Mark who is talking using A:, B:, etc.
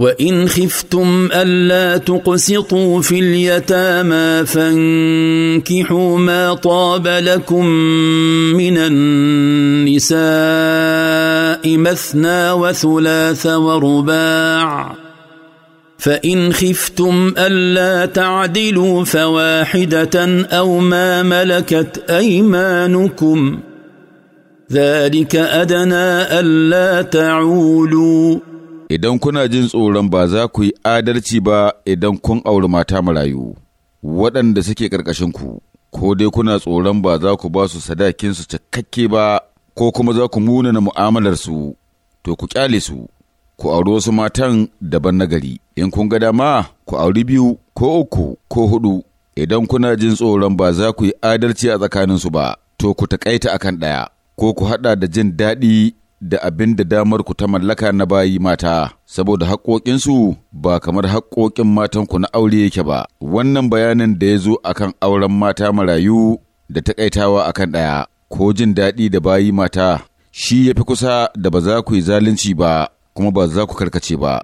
A: وان خفتم الا تقسطوا في اليتامى فانكحوا ما طاب لكم من النساء مثنى وثلاث ورباع فان خفتم الا تعدلوا فواحده او ما ملكت ايمانكم ذلك ادنى الا تعولوا Idan kuna
B: jin tsoron ba za ku yi adalci ba idan kun auri mata marayu, waɗanda suke ƙarƙashinku, ko dai kuna tsoron ba za ku ba su sadakinsu cikakke ba, ko kuma za ku munana mu'amalarsu, to ku ƙyale su, ku auri wasu matan daban na gari, in kun ga dama ku auri biyu ko uku ko hudu. idan kuna jin tsoron ba za ku yi adalci a tsakaninsu ba, to ku taƙaita akan ɗaya, ko ku haɗa da jin daɗi da abin da damar ku ta mallaka na bayi mata, saboda haƙoƙinsu ba kamar haƙoƙin matanku na aure yake ba. Wannan bayanin da ya zo akan auren mata marayu da taƙaitawa akan ɗaya, ko jin daɗi da bayi mata, shi ya fi kusa da ba za ku yi zalunci ba, kuma ba za ku karkace ba.